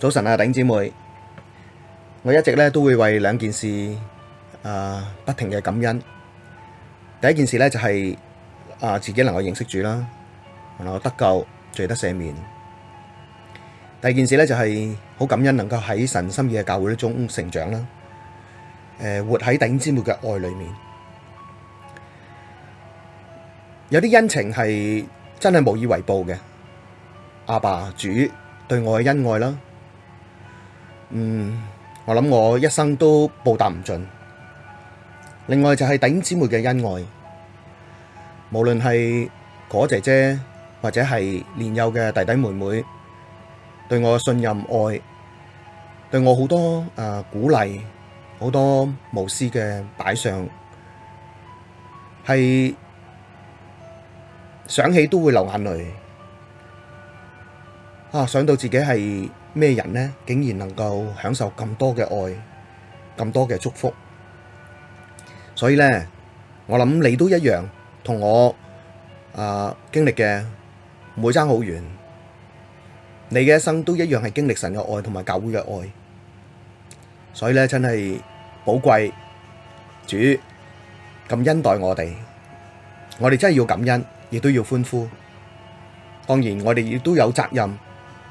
早晨啊，弟兄姊妹，我一直咧都會為兩件事啊，不停嘅感恩。第一件事咧就係啊，自己能夠認識主啦，能夠得救，罪得赦免。第二件事咧就係好感恩，能夠喺神心意嘅教會中成長啦。誒，活喺弟兄姊妹嘅愛裏面，有啲恩情係真係無以為報嘅，阿爸主對我嘅恩愛啦。嗯，我諗我一生都報答唔盡。另外就係弟兄姊妹嘅恩愛，無論係哥哥姐姐或者係年幼嘅弟弟妹妹，對我嘅信任、愛，對我好多誒鼓勵，好多無私嘅擺上，係想起都會流眼淚。啊，想到自己係。咩人呢？竟然能夠享受咁多嘅愛，咁多嘅祝福，所以呢，我諗你都一樣同我啊經歷嘅，唔會爭好遠。你嘅一生都一樣係經歷神嘅愛同埋教會嘅愛，所以呢，真係寶貴，主咁恩待我哋，我哋真係要感恩，亦都要歡呼。當然，我哋亦都有責任。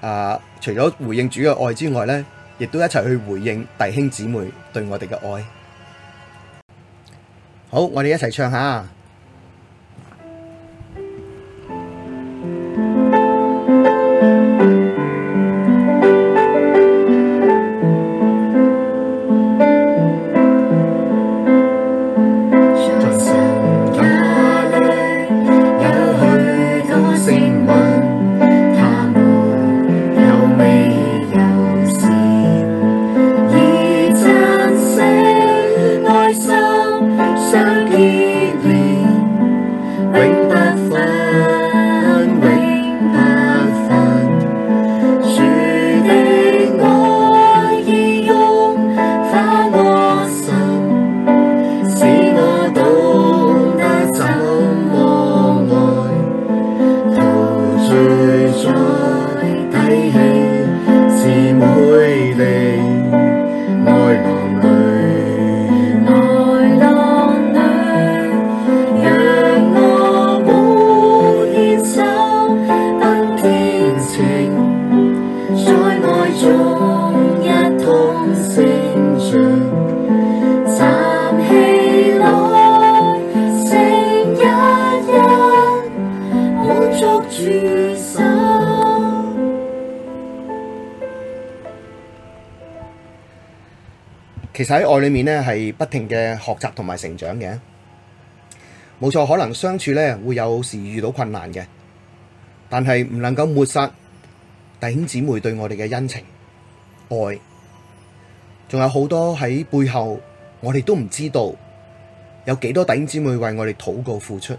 啊！Uh, 除咗回應主嘅愛之外咧，亦都一齊去回應弟兄姊妹對我哋嘅愛。好，我哋一齊唱下。其實喺愛裏面咧，係不停嘅學習同埋成長嘅，冇錯。可能相處咧會有時遇到困難嘅，但係唔能夠抹殺弟兄姊妹對我哋嘅恩情、愛，仲有好多喺背後，我哋都唔知道有幾多弟兄姊妹為我哋禱告付出。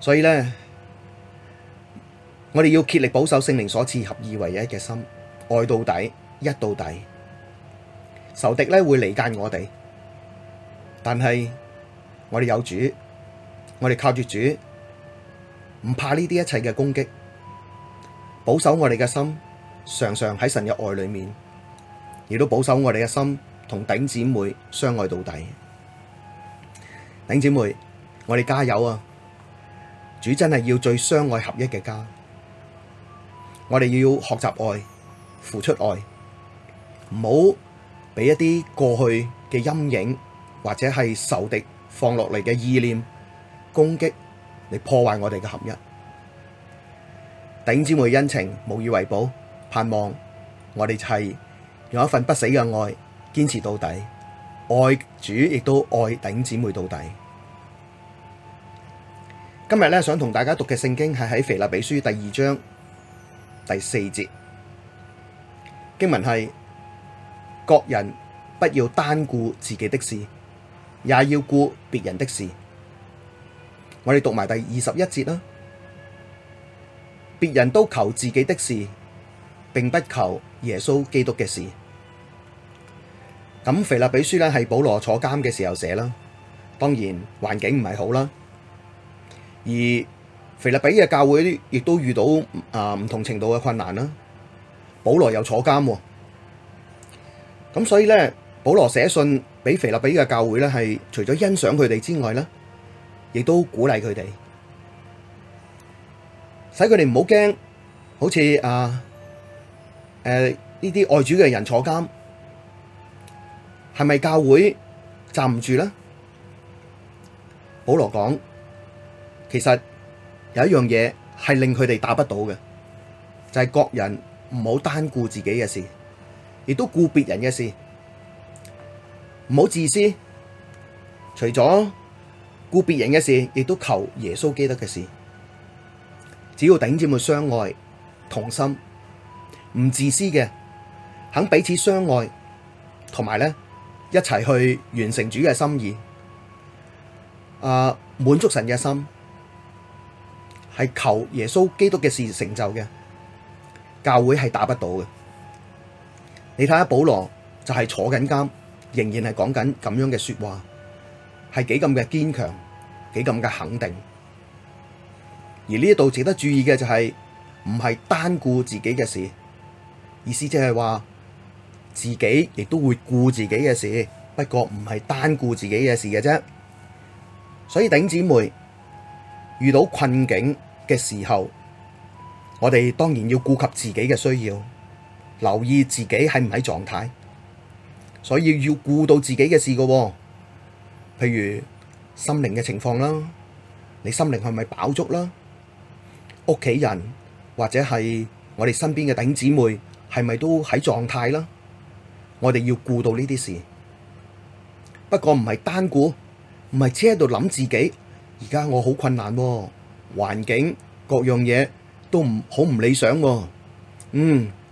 所以呢，我哋要竭力保守聖靈所賜合二為一嘅心，愛到底，一到底。仇敵咧會離間我哋，但係我哋有主，我哋靠住主，唔怕呢啲一切嘅攻擊，保守我哋嘅心，常常喺神嘅愛裏面，亦都保守我哋嘅心同弟兄姊妹相愛到底。弟兄姊妹，我哋加油啊！主真係要最相愛合一嘅家，我哋要學習愛，付出愛，唔好。俾一啲過去嘅陰影，或者係仇敵放落嚟嘅意念攻擊，嚟破壞我哋嘅合一。頂姊妹恩情無以為報，盼望我哋係用一份不死嘅愛堅持到底，愛主亦都愛頂姊妹到底。今日咧想同大家讀嘅聖經係喺腓立比書第二章第四節。經文係：各人不要單顧自己的事，也要顧別人的事。我哋讀埋第二十一節啦。別人都求自己的事，並不求耶穌基督嘅事。咁腓立比書咧係保羅坐監嘅時候寫啦，當然環境唔係好啦。而腓立比嘅教會亦都遇到啊唔同程度嘅困難啦。保羅又坐監喎。咁所以咧，保羅寫信俾腓立比嘅教會咧，係除咗欣賞佢哋之外咧，亦都鼓勵佢哋，使佢哋唔好驚，好似啊，誒呢啲外主嘅人坐監，係咪教會站唔住咧？保羅講，其實有一樣嘢係令佢哋打不倒嘅，就係各人唔好單顧自己嘅事。亦都顧別人嘅事，唔好自私。除咗顧別人嘅事，亦都求耶穌基督嘅事。只要頂尖去相愛同心，唔自私嘅，肯彼此相愛，同埋咧一齊去完成主嘅心意，啊滿足神嘅心，係求耶穌基督嘅事成就嘅，教會係打不到嘅。你睇下保羅就係坐緊監，仍然係講緊咁樣嘅說話，係幾咁嘅堅強，幾咁嘅肯定。而呢一度值得注意嘅就係唔係單顧自己嘅事，意思即係話自己亦都會顧自己嘅事，不過唔係單顧自己嘅事嘅啫。所以頂姊妹遇到困境嘅時候，我哋當然要顧及自己嘅需要。留意自己喺唔喺狀態，所以要顧到自己嘅事嘅喎、哦。譬如心靈嘅情況啦，你心靈係咪飽足啦？屋企人或者係我哋身邊嘅頂姊妹，係咪都喺狀態啦？我哋要顧到呢啲事。不過唔係單顧，唔係只喺度諗自己。而家我好困難喎、哦，環境各樣嘢都唔好唔理想喎、哦。嗯。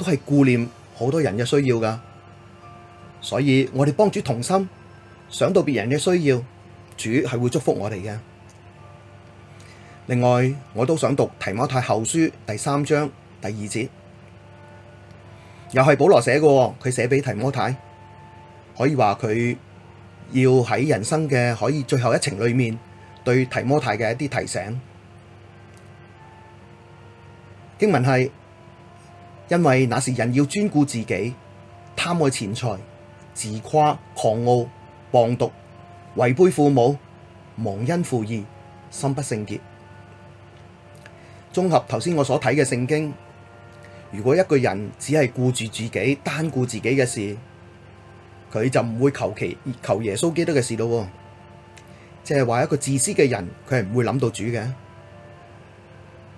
都係顧念好多人嘅需要噶，所以我哋幫主同心，想到別人嘅需要，主係會祝福我哋嘅。另外，我都想讀提摩太後書第三章第二節，又係保羅寫嘅，佢寫俾提摩太，可以話佢要喺人生嘅可以最後一程裡面，對提摩太嘅一啲提醒。經文係。因為那時人要專顧自己，貪愛錢財，自誇，狂傲，謗讟，違背父母，忘恩負義，心不聖潔。綜合頭先我所睇嘅聖經，如果一個人只係顧住自己，單顧自己嘅事，佢就唔會求其求耶穌基督嘅事咯。即係話一個自私嘅人，佢係唔會諗到主嘅。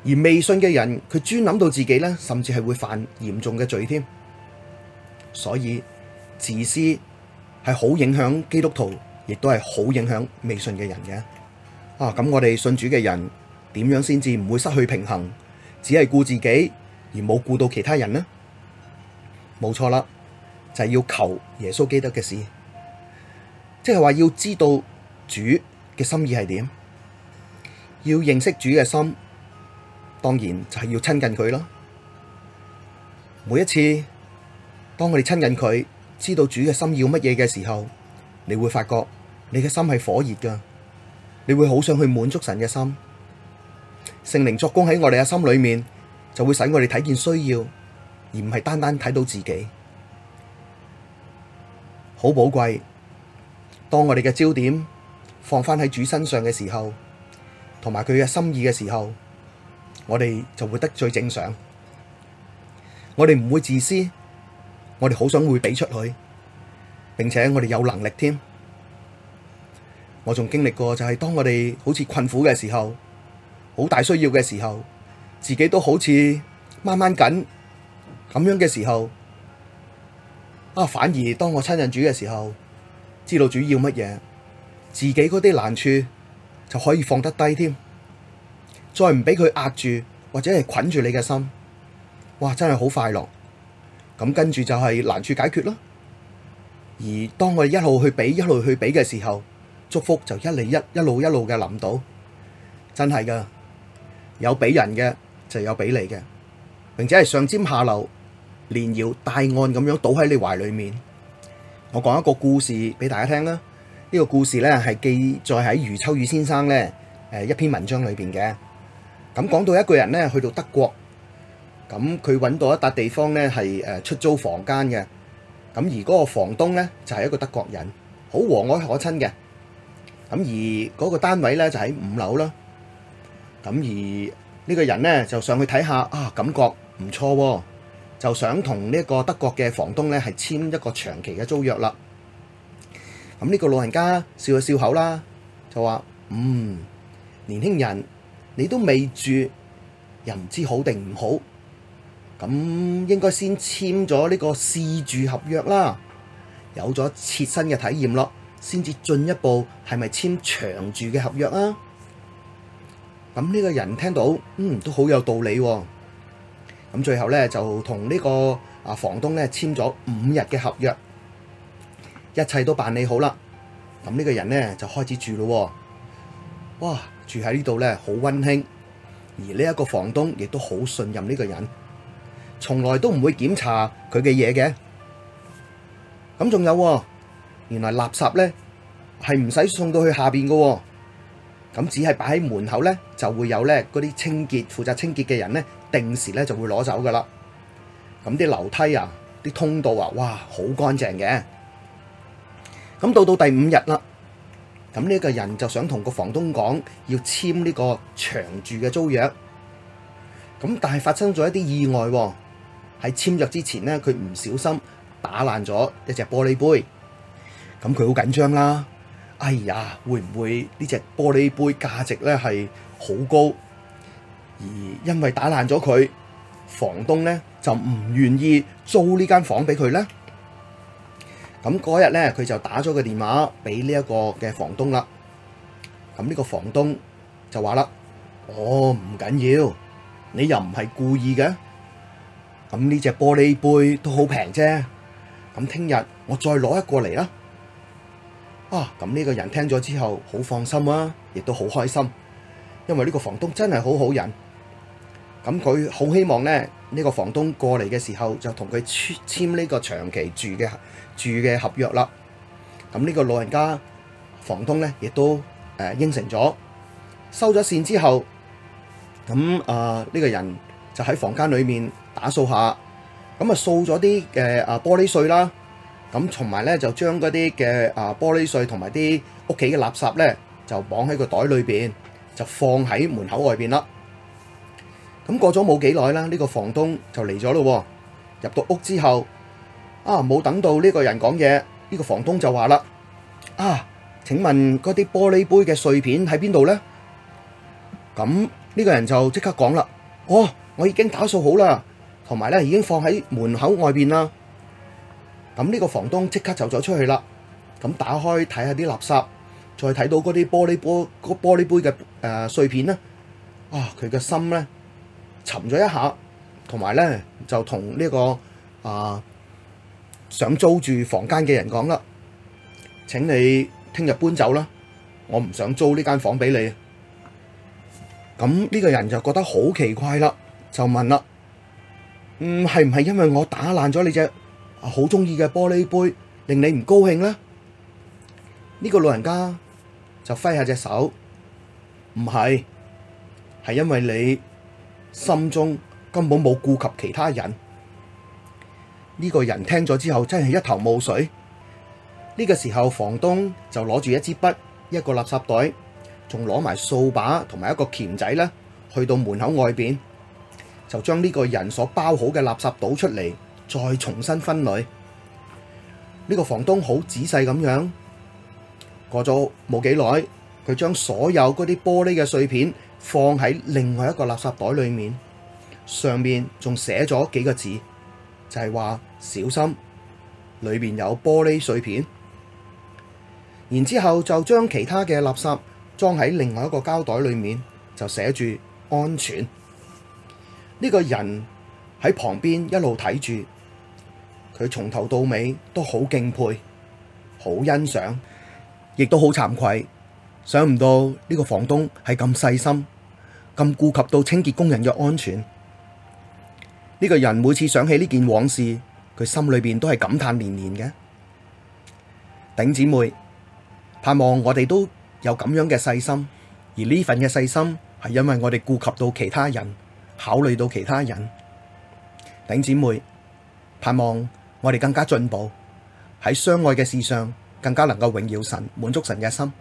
而未信嘅人，佢專諗到自己咧，甚至係會犯嚴重嘅罪添。所以自私係好影響基督徒，亦都係好影響未信嘅人嘅。啊，咁我哋信主嘅人點樣先至唔會失去平衡，只係顧自己而冇顧到其他人呢？冇錯啦，就係、是、要求耶穌基督嘅事，即係話要知道主嘅心意係點，要認識主嘅心。當然就係要親近佢啦。每一次當我哋親近佢，知道主嘅心要乜嘢嘅時候，你會發覺你嘅心係火熱噶，你會好想去滿足神嘅心。聖靈作工喺我哋嘅心裏面，就會使我哋睇見需要，而唔係單單睇到自己。好寶貴，當我哋嘅焦點放返喺主身上嘅時候，同埋佢嘅心意嘅時候。我哋就活得最正常，我哋唔會自私，我哋好想會俾出去，並且我哋有能力添。我仲經歷過就係當我哋好似困苦嘅時候，好大需要嘅時候，自己都好似慢慢緊掹掹緊咁樣嘅時候，啊反而當我親近主嘅時候，知道主要乜嘢，自己嗰啲難處就可以放得低添。再唔俾佢壓住或者係捆住你嘅心，哇！真係好快樂。咁跟住就係難處解決啦。而當我哋一路去比一路去比嘅時候，祝福就一嚟一一路一路嘅臨到，真係噶。有俾人嘅就有俾你嘅，並且係上尖下流連搖帶按咁樣倒喺你懷裏面。我講一個故事俾大家聽啦。呢、呢個故事呢，係記載喺余秋雨先生呢誒一篇文章裏邊嘅。咁講到一個人咧，去到德國，咁佢揾到一笪地方咧，係誒出租房間嘅。咁而嗰個房東咧，就係一個德國人，好和藹可親嘅。咁而嗰個單位咧，就喺五樓啦。咁而呢個人咧，就上去睇下啊，感覺唔錯喎，就想同呢個德國嘅房東咧，係簽一個長期嘅租約啦。咁、這、呢個老人家笑一笑口啦，就話：嗯，年輕人。你都未住，又唔知好定唔好，咁應該先簽咗呢個試住合約啦，有咗切身嘅體驗咯，先至進一步係咪簽長住嘅合約啊？咁呢個人聽到，嗯，都好有道理喎啊。咁最後呢，就同呢個啊房東呢簽咗五日嘅合約，一切都辦理好啦。咁呢個人呢，就開始住咯喎。哇！住喺呢度咧，好溫馨，而呢一個房東亦都好信任呢個人，從來都唔會檢查佢嘅嘢嘅。咁仲有，原來垃圾咧係唔使送到去下邊嘅，咁只係擺喺門口咧，就會有咧嗰啲清潔負責清潔嘅人咧，定時咧就會攞走噶啦。咁啲樓梯啊，啲通道啊，哇，好乾淨嘅。咁到到第五日啦。咁呢個人就想同個房東講，要簽呢個長住嘅租約，咁但係發生咗一啲意外喎。喺簽約之前咧，佢唔小心打爛咗一隻玻璃杯，咁佢好緊張啦。哎呀，會唔會呢隻玻璃杯價值咧係好高？而因為打爛咗佢，房東咧就唔願意租呢間房俾佢咧。咁嗰日咧，佢就打咗個電話俾呢一個嘅房東啦。咁呢個房東就話啦：哦，唔緊要，你又唔係故意嘅。咁呢隻玻璃杯都好平啫。咁聽日我再攞一個嚟啦。啊，咁呢個人聽咗之後好放心啊，亦都好開心，因為呢個房東真係好好人。咁佢好希望咧，呢個房東過嚟嘅時候就同佢簽呢個長期住嘅住嘅合約啦。咁呢個老人家房東咧，亦都誒應承咗，收咗線之後，咁啊呢個人就喺房間裏面打掃下，咁啊掃咗啲嘅啊玻璃碎啦，咁同埋咧就將嗰啲嘅啊玻璃碎同埋啲屋企嘅垃圾咧，就綁喺個袋裏邊，就放喺門口外邊啦。咁過咗冇幾耐啦，呢個房東就嚟咗咯。入到屋之後，啊冇等到呢個人講嘢，呢個房東就話啦，啊，請問嗰啲玻璃杯嘅碎片喺邊度咧？咁呢個人就即刻講啦，哦，我已經打掃好啦，同埋咧已經放喺門口外邊啦。咁呢個房東即刻走咗出去啦。咁打開睇下啲垃圾，再睇到嗰啲玻璃杯、嗰玻璃杯嘅誒碎片咧，啊佢嘅心咧，沉咗一下，同埋咧就同呢個啊想租住房間嘅人講啦，請你聽日搬走啦，我唔想租呢間房俾你。咁呢個人就覺得好奇怪啦，就問啦：，嗯，係唔係因為我打爛咗你只好中意嘅玻璃杯，令你唔高興呢？呢個老人家就揮下隻手，唔係，係因為你心中根本冇顧及其他人，呢個人聽咗之後真係一頭霧水。呢個時候，房東就攞住一支筆、一個垃圾袋，仲攞埋掃把同埋一個鉗仔呢去到門口外邊，就將呢個人所包好嘅垃圾倒出嚟，再重新分類。呢個房東好仔細咁樣，過咗冇幾耐，佢將所有嗰啲玻璃嘅碎片，放喺另外一個垃圾袋裏面，上面仲寫咗幾個字，就係話小心裏面有玻璃碎片。然之後就將其他嘅垃圾裝喺另外一個膠袋裏面，就寫住安全。呢個人喺旁邊一路睇住，佢從頭到尾都好敬佩、好欣賞，亦都好慚愧。想唔到呢個房東係咁細心。咁顧及到清潔工人嘅安全，呢、這個人每次想起呢件往事，佢心裏邊都係感嘆連連嘅。頂姊妹，盼望我哋都有咁樣嘅細心，而呢份嘅細心係因為我哋顧及到其他人，考慮到其他人。頂姊妹，盼望我哋更加進步，喺相愛嘅事上更加能夠榮耀神，滿足神嘅心。